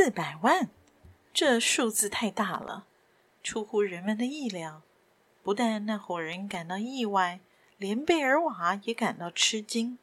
四百萬，這數字太大了，出乎人們的意料。不但那夥人感到意外，連貝爾瓦也感到吃驚。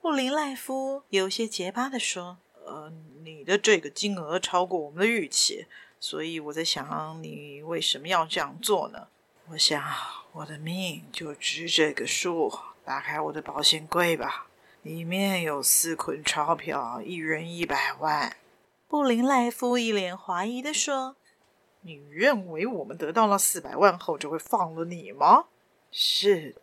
布林賴夫有些結巴的說：“呃，你的這個金額超過我們的預期，所以我在想，你為什麼要這樣做呢？我想，我的命就值這個數。打開我的保險櫃吧，裡面有四捆鈔票，一人一百萬。”布林賴夫一臉懷疑地說：“你認為我們得到了四百萬後就會放了你嗎？是的，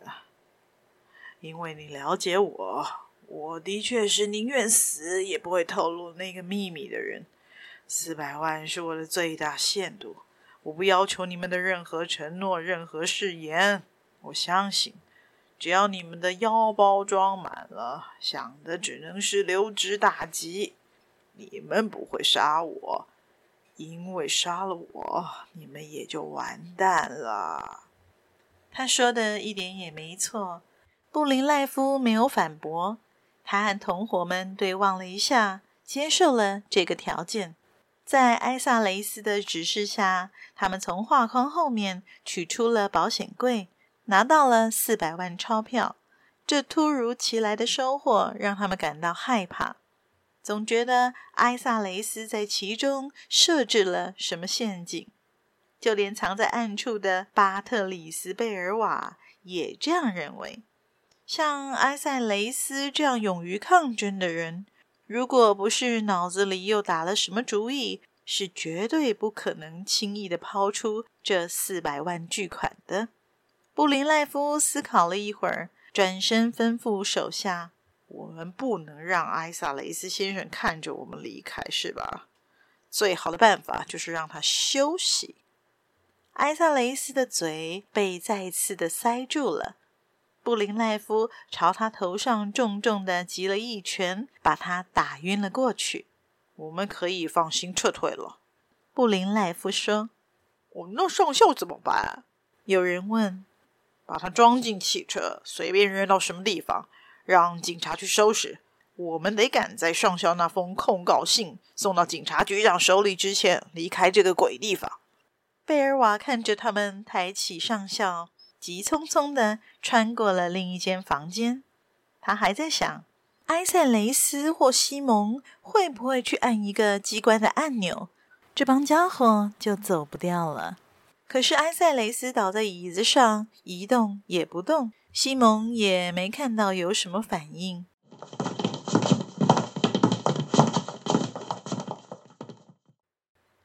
因為你了解我，我的確是寧願死也不會透露那個秘密的人。四百萬是我的最大限度，我不要求你們的任何承諾、任何誓言。我相信，只要你們的腰包裝滿了，想的只能是溜之大吉。”你們不會殺我，因為殺了我，你們也就完蛋了。他說的一點也沒錯。布林賴夫沒有反駁，他和同夥們對望了一下，接受了這個條件。在埃薩雷斯的指示下，他們從畫框後面取出了保險櫃，拿到了四百萬鈔票。這突如其來的收穫讓他們感到害怕。總覺得埃薩雷斯在其中設置了什麼陷阱，就連藏在暗處的巴特里斯·貝爾瓦也這樣認為。像埃薩雷斯這樣勇於抗爭的人，如果不是腦子裡又打了什麼主意，是絕對不可能輕易的拋出這四百萬巨款的。布林賴夫思考了一會兒，轉身吩咐手下。我們不能讓艾薩雷斯先生看着我們離開，是吧？最好的辦法就是讓他休息。艾薩雷斯的嘴被再次的塞住了。布林賴夫朝他頭上重重的擊了一拳，把他打暈了過去。我們可以放心撤退了。布林賴夫說：「我們那上校怎麼辦？」有人問：「把他裝進汽車，隨便扔到什麼地方。」讓警察去收拾。我們得趕在上校那封控告信送到警察局長手裡之前離開這個鬼地方。貝爾瓦看着他們抬起上校，急匆匆地穿過了另一間房間。他還在想，埃塞雷斯或西蒙會不會去按一個機關的按鈕，這幫家伙就走不掉了。可是埃塞雷斯倒在椅子上，一動也不動。西蒙也沒看到有什麼反應。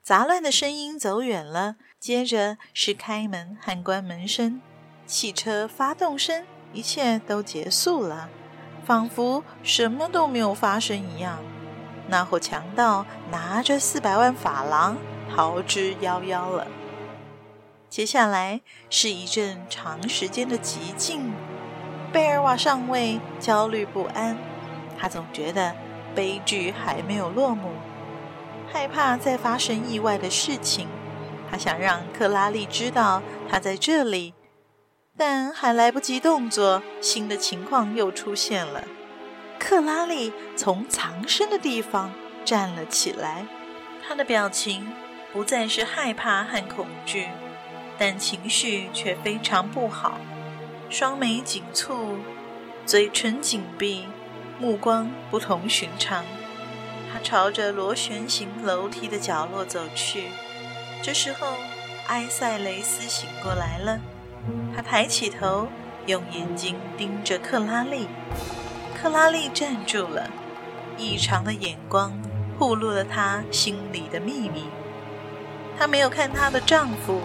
雜亂的聲音走遠了，接着是開門和關門聲，汽車發動聲，一切都結束了，仿佛什麼都沒有發生一樣。那夥強盜拿着四百萬法郎逃之夭夭了。接下來是一陣長時間的寂靜。貝爾瓦上尉焦慮不安，他總覺得悲劇還沒有落幕，害怕再發生意外的事情。他想讓克拉麗知道他在這裡，但還來不及動作，新的情況又出現了。克拉麗從藏身的地方站了起來，他的表情不再是害怕和恐懼。但情緒卻非常不好，雙眉緊蹙，嘴唇緊閉，目光不同尋常。她朝着螺旋形樓梯的角落走去。這時候，埃塞雷斯醒過來了。他抬起頭，用眼睛盯着克拉麗。克拉麗站住了，異常的眼光暴露了她心裡的秘密。她沒有看她的丈夫。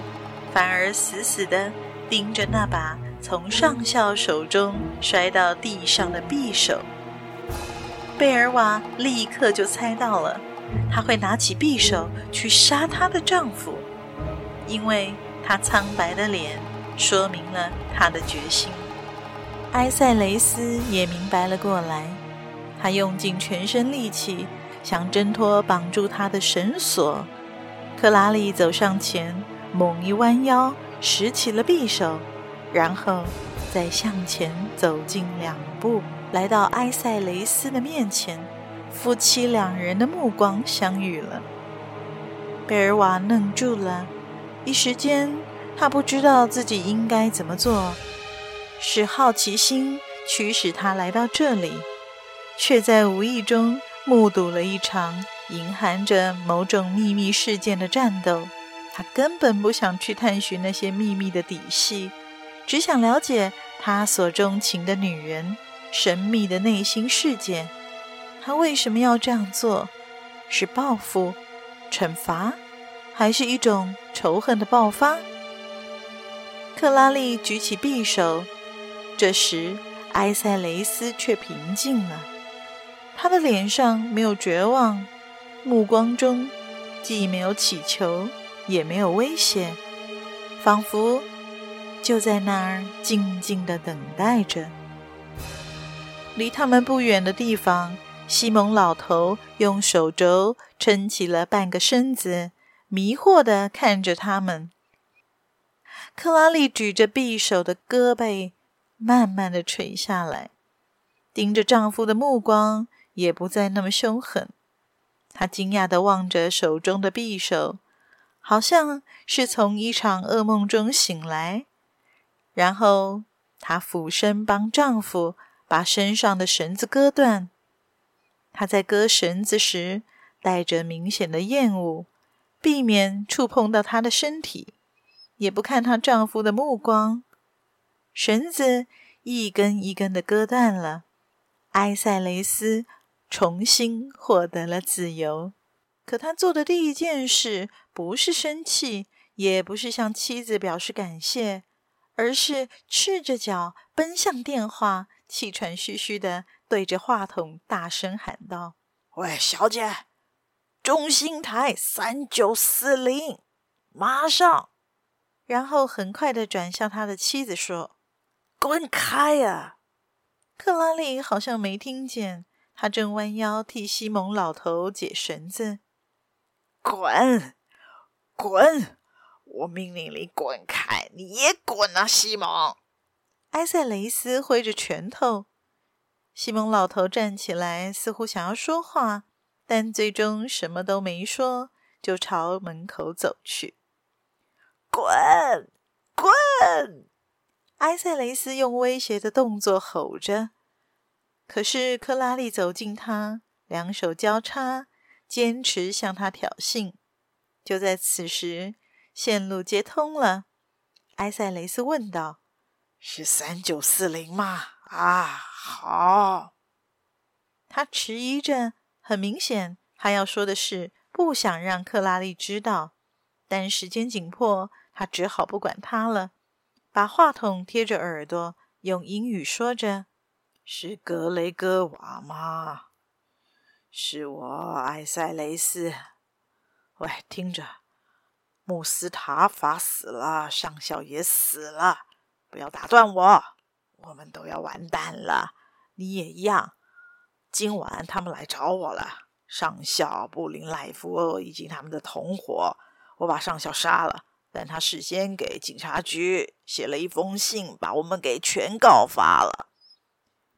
反而死死的盯着那把從上校手中摔到地上的匕首。貝爾瓦立刻就猜到了，他會拿起匕首去殺她的丈夫，因為她蒼白的臉說明了他的決心。埃塞雷斯也明白了過來，他用盡全身力氣想掙脫綁住他的繩索。克拉麗走上前，猛一彎腰，拾起了匕首，然後再向前走近兩步，來到埃塞雷斯的面前。夫妻兩人的目光相遇了，貝爾瓦愣住了，一時間他不知道自己應該怎麼做。是好奇心驅使他來到這裡，卻在無意中目睹了一場隱含着某種秘密事件的戰鬥。他根本不想去探尋那些秘密的底細，只想了解他所鍾情的女人神秘的內心世界。他為什麼要這樣做？是報復、懲罰，還是一種仇恨的爆發？克拉麗舉起匕首，這時埃塞雷斯卻平靜了。他的臉上沒有絕望，目光中既沒有乞求。也沒有危險，仿佛就在那兒靜靜的等待着。離他們不遠的地方，西蒙老頭用手肘撐起了半個身子，迷惑地看着他們。克拉麗舉着匕首的胳膊慢慢的垂下來，盯着丈夫的目光也不再那麼凶狠。她驚訝地望着手中的匕首。好像是從一場噩夢中醒來，然後她俯身幫丈夫把身上的繩子割斷。她在割繩子時帶着明顯的厭惡，避免觸碰到他的身體，也不看她丈夫的目光。繩子一根一根的割斷了，埃塞雷斯重新獲得了自由。可她做的第一件事，不是生氣，也不是向妻子表示感謝，而是赤着腳奔向電話，氣喘吁吁的對着話筒大聲喊道：“喂，小姐，中心台三九四零，馬上！”然後很快的轉向他的妻子說：“滾開呀、啊！”克拉麗好像沒聽見，她正彎腰替西蒙老頭解繩子，“滾！”滾！我命令你滾開，你也滾啊，西蒙！埃塞雷斯揮着拳頭。西蒙老頭站起來，似乎想要說話，但最終什麼都沒說，就朝門口走去。滾！滾！埃塞雷斯用威脅的動作吼着。可是克拉麗走近他，兩手交叉，堅持向他挑釁。就在此時，線路接通了。埃塞雷斯問道：“是三九四零嗎？”“啊，好。”他遲疑着，很明顯，他要說的是不想讓克拉麗知道。但時間緊迫，他只好不管他了，把話筒貼着耳朵，用英語說着：“是格雷戈瓦嗎？是我，埃塞雷斯。”喂，聽着，穆斯塔法死了，上校也死了，不要打斷我，我們都要完蛋了，你也一樣。今晚他們來找我了，上校布林賴夫以及他們的同夥，我把上校殺了，但他事先給警察局寫了一封信，把我們給全告發了。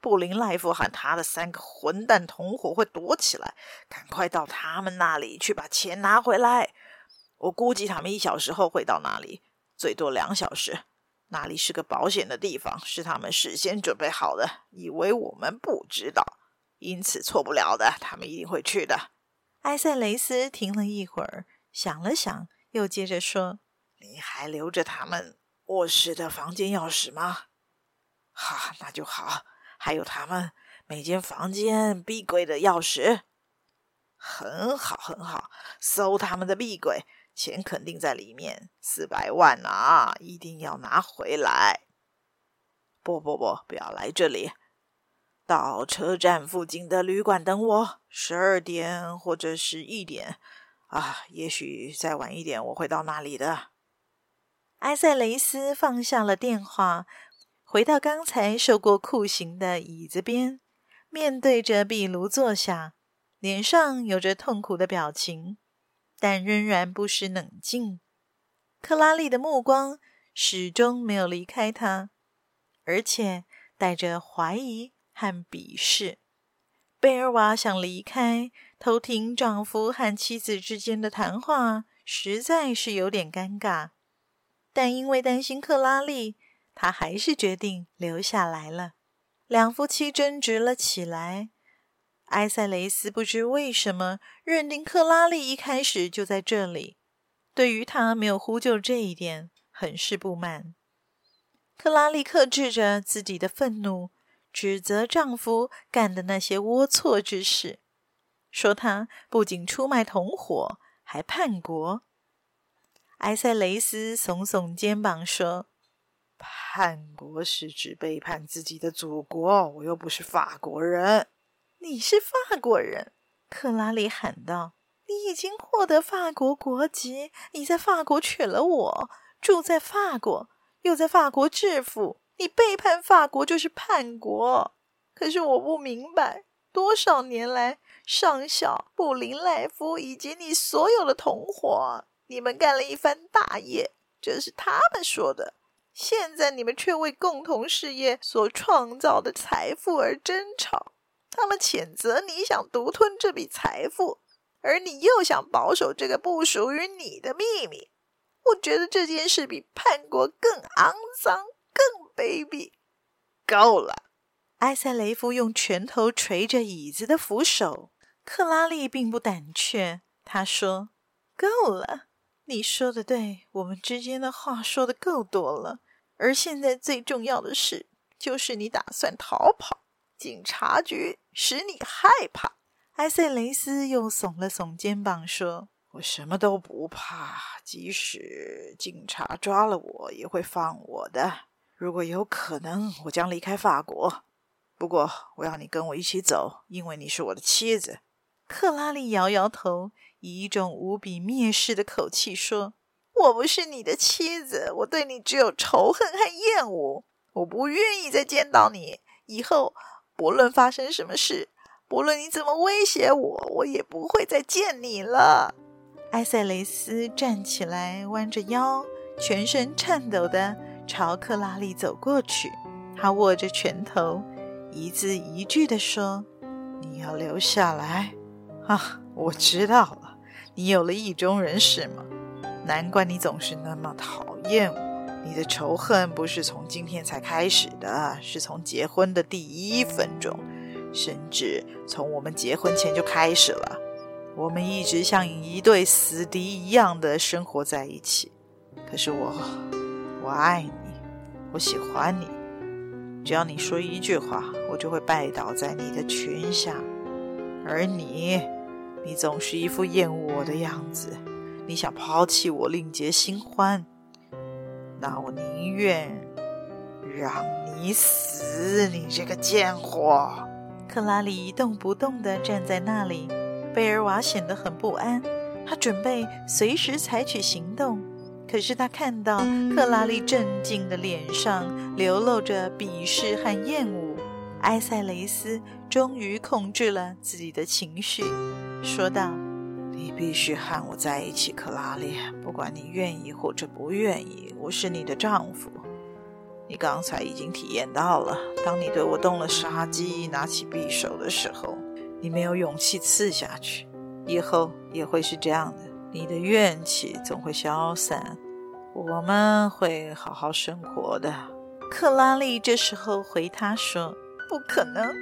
布林賴夫喊他的三個混蛋同夥會躲起來，趕快到他們那裡去把錢拿回來。我估計他們一小時後會到那裡，最多兩小時。那裡是個保險的地方，是他們事先準備好的，以為我們不知道，因此錯不了的。他們一定會去的。埃塞雷斯停了一會兒，想了想，又接着說：“你還留着他們臥室的房間鑰匙嗎？”“哈，那就好。”還有他們每間房間壁櫃的鑰匙，很好，很好，搜他們的壁櫃，錢肯定在裡面，四百萬啊，一定要拿回來！不，不，不，不要來這裡，到車站附近的旅館等我，十二點或者是一點啊，也許再晚一點我會到那裡的。埃塞雷斯放下了電話。回到剛才受過酷刑的椅子邊，面對着壁爐坐下，臉上有着痛苦的表情，但仍然不失冷靜。克拉麗的目光始終沒有離開他，而且帶着懷疑和鄙視。貝爾瓦想離開，偷聽丈夫和妻子之間的談話，實在是有點尷尬，但因為擔心克拉麗。他還是決定留下來了，兩夫妻爭執了起來。埃塞雷斯不知為什麼認定克拉麗一開始就在這裡，對於他沒有呼救這一點很是不滿。克拉麗克制着自己的憤怒，指責丈夫幹的那些齷齪之事，說他不僅出賣同夥，還叛國。埃塞雷斯聳聳肩膀說。叛國是指背叛自己的祖國。我又不是法國人，你是法國人？克拉麗喊道：“你已經獲得法國國籍，你在法國娶了我，住在法國，又在法國致富。你背叛法國就是叛國。可是我不明白，多少年來，上校布林賴夫以及你所有的同夥，你們幹了一番大業，這是他們說的。”現在你們卻為共同事業所創造的財富而爭吵。他們譴責你想獨吞這筆財富，而你又想保守這個不屬於你的秘密。我覺得這件事比叛國更骯髒，更卑鄙。夠了！埃塞雷夫用拳頭捶着椅子的扶手。克拉麗並不膽怯，他說：“夠了，你說的對，我們之間的話說的夠多了。”而現在最重要的事就是你打算逃跑，警察局使你害怕。埃塞雷斯又聳了聳肩膀，說：“我什麼都不怕，即使警察抓了我，也會放我的。如果有可能，我將離開法國。不過，我要你跟我一起走，因為你是我的妻子。”克拉麗搖搖頭，以一種無比蔑視的口氣說。我不是你的妻子，我對你只有仇恨和厭惡。我不願意再見到你。以後不論發生什麼事，不論你怎麼威脅我，我也不會再見你了。埃塞雷斯站起來，彎着腰，全身顫抖的朝克拉麗走過去。他握着拳頭，一字一句的說：“你要留下來。啊，我知道了，你有了意中人是嗎？”難怪你總是那麼討厭我。你的仇恨不是從今天才開始的，是從結婚的第一分鐘，甚至從我們結婚前就開始了。我們一直像一對死敵一樣的生活在一起。可是我，我愛你，我喜歡你。只要你說一句話，我就會拜倒在你的裙下。而你，你總是一副厭惡我的樣子。你想拋棄我，另結新歡？那我寧願讓你死！你這個賤貨！克拉麗一動不動的站在那裡，貝爾瓦顯得很不安，他準備隨時採取行動。可是他看到克拉麗鎮靜的臉上流露着鄙視和厭惡，埃塞雷斯終於控制了自己的情緒，說道。你必須和我在一起，克拉麗。不管你願意或者不願意，我是你的丈夫。你剛才已經體驗到了，當你對我動了殺機，拿起匕首的時候，你沒有勇氣刺下去，以後也會是這樣的。你的怨氣總會消散，我們會好好生活的。克拉麗這時候回他說：“不可能，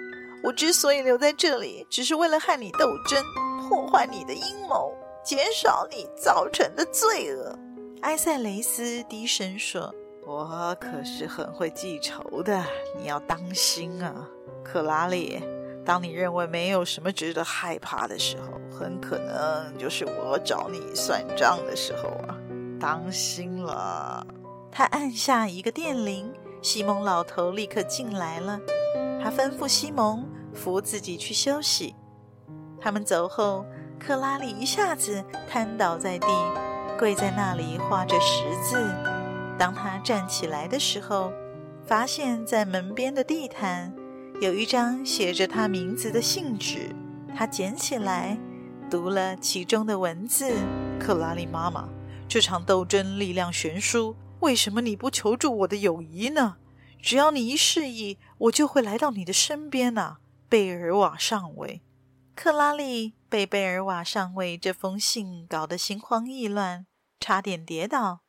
我之所以留在這裡，只是為了和你鬥爭。”呼喚你的陰謀，減少你造成的罪惡。”埃塞雷斯低聲說，“我可是很會記仇的，你要當心啊，克拉麗。當你認為沒有什麼值得害怕的時候，很可能就是我找你算賬的時候啊，當心了。”他按下一個電鈴，西蒙老頭立刻進來了。他吩咐西蒙扶自己去休息。他們走後，克拉麗一下子癱倒在地，跪在那裡畫着十字。當她站起來的時候，發現在門邊的地毯有一張寫着她名字的信紙。她撿起來，讀了其中的文字：“克拉麗媽媽，這場鬥爭力量懸殊，為什麼你不求助我的友誼呢？只要你一示意，我就會來到你的身邊呢、啊，貝爾瓦上尉。”克拉麗被貝爾瓦上尉這封信搞得心慌意亂，差點跌倒。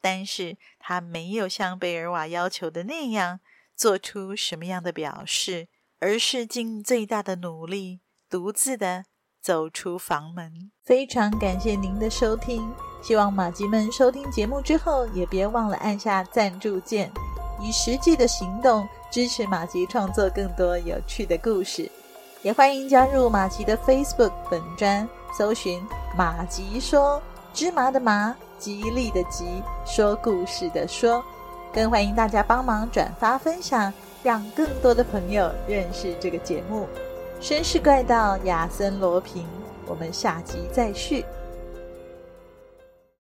但是他沒有像貝爾瓦要求的那樣做出什麼樣的表示，而是盡最大的努力，獨自的走出房門。非常感謝您的收聽，希望馬吉們收聽節目之後也別忘了按下贊助鍵，以實際的行動支持馬吉創作更多有趣的故事。也歡迎加入馬吉的 Facebook 粉專，搜尋“馬吉說芝麻的麻吉利的吉說故事的說”，更歡迎大家幫忙轉發分享，讓更多的朋友認識這個節目。紳士怪盜亞森羅蘋，我們下集再續。